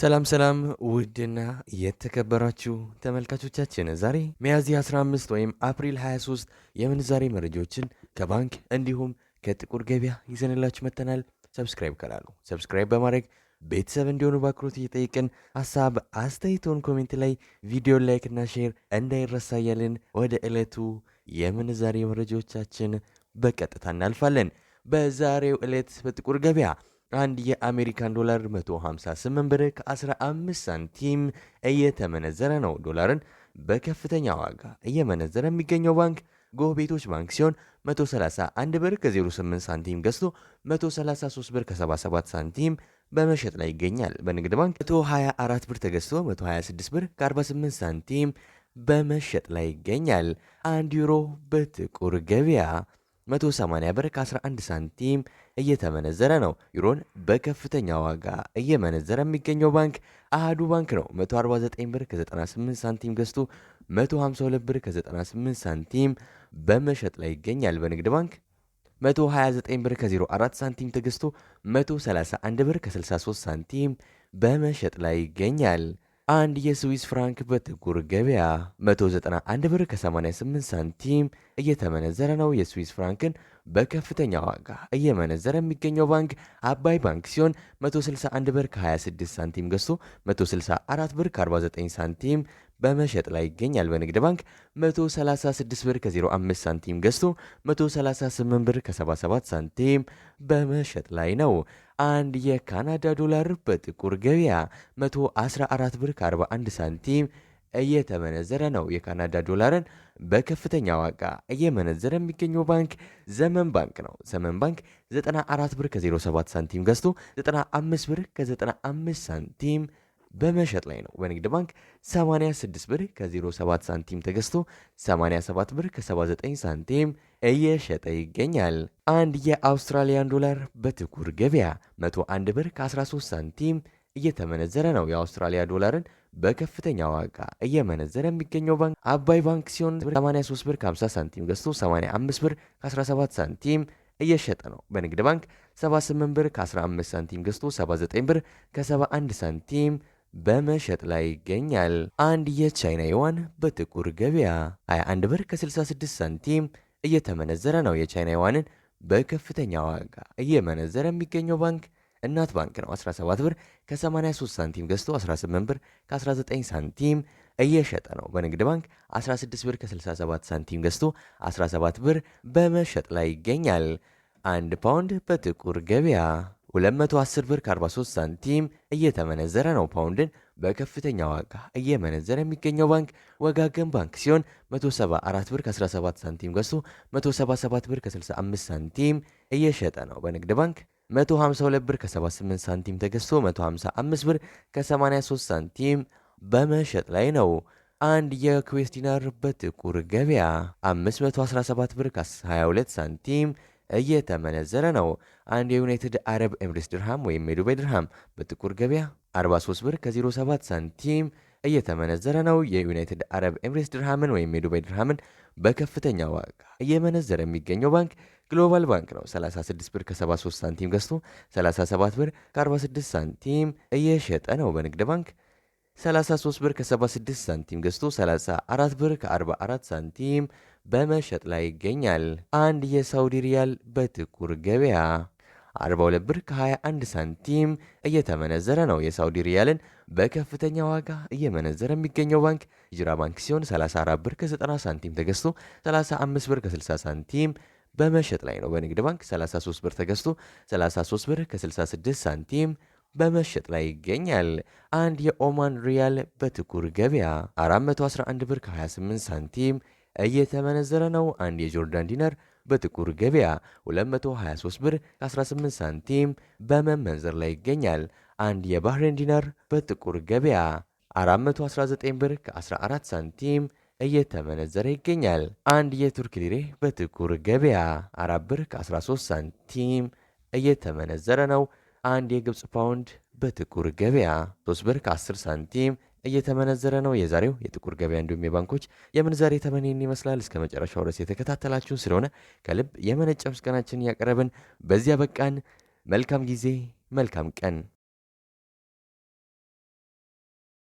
ሰላም ሰላም ውድና የተከበራችሁ ተመልካቾቻችን ዛሬ ሚያዝያ 15 ወይም አፕሪል 23 የምንዛሬ መረጃዎችን ከባንክ እንዲሁም ከጥቁር ገበያ ይዘንላችሁ መጥተናል። ሰብስክራይብ ካላሉ ሰብስክራይብ በማድረግ ቤተሰብ እንዲሆኑ በአክብሮት እየጠየቅን ሀሳብ አስተያየቶን ኮሜንት ላይ ቪዲዮ ላይክ እና ሼር እንዳይረሳ እያልን ወደ ዕለቱ የምንዛሬ መረጃዎቻችን በቀጥታ እናልፋለን። በዛሬው ዕለት በጥቁር ገበያ አንድ የአሜሪካን ዶላር 158 ብር ከ15 ሳንቲም እየተመነዘረ ነው። ዶላርን በከፍተኛ ዋጋ እየመነዘረ የሚገኘው ባንክ ጎህ ቤቶች ባንክ ሲሆን 131 ብር ከ08 ሳንቲም ገዝቶ 133 ብር ከ77 ሳንቲም በመሸጥ ላይ ይገኛል። በንግድ ባንክ 124 ብር ተገዝቶ 126 ብር ከ48 ሳንቲም በመሸጥ ላይ ይገኛል። አንድ ዩሮ በጥቁር ገበያ 180 ብር ከ11 ሳንቲም እየተመነዘረ ነው። ዩሮን በከፍተኛ ዋጋ እየመነዘረ የሚገኘው ባንክ አህዱ ባንክ ነው። 149 ብር ከ98 ሳንቲም ገዝቶ 152 ብር ከ98 ሳንቲም በመሸጥ ላይ ይገኛል። በንግድ ባንክ 129 ብር ከ04 ሳንቲም ተገዝቶ 131 ብር ከ63 ሳንቲም በመሸጥ ላይ ይገኛል። አንድ የስዊስ ፍራንክ በጥቁር ገበያ 191 ብር ከ88 ሳንቲም እየተመነዘረ ነው። የስዊስ ፍራንክን በከፍተኛ ዋጋ እየመነዘረ የሚገኘው ባንክ አባይ ባንክ ሲሆን 161 ብር ከ26 ሳንቲም ገዝቶ 164 ብር ከ49 ሳንቲም በመሸጥ ላይ ይገኛል። በንግድ ባንክ 136 ብር ከ05 ሳንቲም ገዝቶ 138 ብር ከ77 ሳንቲም በመሸጥ ላይ ነው። አንድ የካናዳ ዶላር በጥቁር ገበያ 114 ብር ከ41 ሳንቲም እየተመነዘረ ነው። የካናዳ ዶላርን በከፍተኛ ዋጋ እየመነዘረ የሚገኘው ባንክ ዘመን ባንክ ነው። ዘመን ባንክ 94 ብር ከ07 ሳንቲም ገዝቶ 95 ብር ከ95 ሳንቲም በመሸጥ ላይ ነው። በንግድ ባንክ 86 ብር ከ07 ሳንቲም ተገዝቶ 87 ብር ከ79 ሳንቲም እየሸጠ ይገኛል። አንድ የአውስትራሊያን ዶላር በጥቁር ገበያ 101 ብር ከ13 ሳንቲም እየተመነዘረ ነው። የአውስትራሊያ ዶላርን በከፍተኛ ዋጋ እየመነዘረ የሚገኘው ባንክ አባይ ባንክ ሲሆን 83 ብር 50 ሳንቲም ገዝቶ 85 ብር 17 ሳንቲም እየሸጠ ነው። በንግድ ባንክ 78 ብር ከ 15 ሳንቲም ገዝቶ 79 ብር ከ71 ሳንቲም በመሸጥ ላይ ይገኛል። አንድ የቻይና ዩዋን በጥቁር ገበያ 21 ብር ከ66 ሳንቲም እየተመነዘረ ነው። የቻይና ዩዋንን በከፍተኛ ዋጋ እየመነዘረ የሚገኘው ባንክ እናት ባንክ ነው 17 ብር ከ83 ሳንቲም ገዝቶ 18 ብር ከ19 ሳንቲም እየሸጠ ነው። በንግድ ባንክ 16 ብር ከ67 ሳንቲም ገዝቶ 17 ብር በመሸጥ ላይ ይገኛል። አንድ ፓውንድ በጥቁር ገበያ 210 ብር ከ43 ሳንቲም እየተመነዘረ ነው። ፓውንድን በከፍተኛ ዋጋ እየመነዘረ የሚገኘው ባንክ ወጋገን ባንክ ሲሆን 174 ብር ከ17 ሳንቲም ገዝቶ 177 ብር ከ65 ሳንቲም እየሸጠ ነው። በንግድ ባንክ 152 ብር ከ78 ሳንቲም ተገዝቶ 155 ብር ከ83 ሳንቲም በመሸጥ ላይ ነው። አንድ የኩዌስ ዲናር በጥቁር ገበያ 517 ብር ከ22 ሳንቲም እየተመነዘረ ነው። አንድ የዩናይትድ አረብ ኤምሬትስ ድርሃም ወይም የዱባይ ድርሃም በጥቁር ገበያ 43 ብር ከ07 ሳንቲም እየተመነዘረ ነው። የዩናይትድ አረብ ኤምሬትስ ድርሃምን ወይም የዱባይ ድርሃምን በከፍተኛ ዋጋ እየመነዘረ የሚገኘው ባንክ ግሎባል ባንክ ነው። 36 ብር ከ73 ሳንቲም ገዝቶ 37 ብር ከ46 ሳንቲም እየሸጠ ነው። በንግድ ባንክ 33 ብር ከ76 ሳንቲም ገዝቶ 34 ብር ከ44 ሳንቲም በመሸጥ ላይ ይገኛል። አንድ የሳውዲ ሪያል በጥቁር ገበያ 42 ብር ከ21 ሳንቲም እየተመነዘረ ነው። የሳውዲ ሪያልን በከፍተኛ ዋጋ እየመነዘረ የሚገኘው ባንክ ሂጅራ ባንክ ሲሆን 34 ብር ከ90 ሳንቲም ተገዝቶ 35 ብር ከ60 ሳንቲም በመሸጥ ላይ ነው። በንግድ ባንክ 33 ብር ተገዝቶ 33 ብር ከ66 ሳንቲም በመሸጥ ላይ ይገኛል። አንድ የኦማን ሪያል በጥቁር ገበያ 411 ብር ከ28 ሳንቲም እየተመነዘረ ነው። አንድ የጆርዳን ዲነር በጥቁር ገበያ 223 ብር 18 ሳንቲም በመመንዘር ላይ ይገኛል። አንድ የባህሬን ዲናር በጥቁር ገበያ 419 ብር ከ14 ሳንቲም እየተመነዘረ ይገኛል። አንድ የቱርክ ሊሬ በጥቁር ገበያ 4 ብር ከ13 ሳንቲም እየተመነዘረ ነው። አንድ የግብፅ ፓውንድ በጥቁር ገበያ 3 ብር ከ10 ሳንቲም እየተመነዘረ ነው። የዛሬው የጥቁር ገበያ እንዲሁም የባንኮች የምንዛሬ ተመኔን ይመስላል። እስከ መጨረሻው ድረስ የተከታተላችሁን ስለሆነ ከልብ የመነጨ ምስጋናችን እያቀረብን በዚያ በቃን። መልካም ጊዜ፣ መልካም ቀን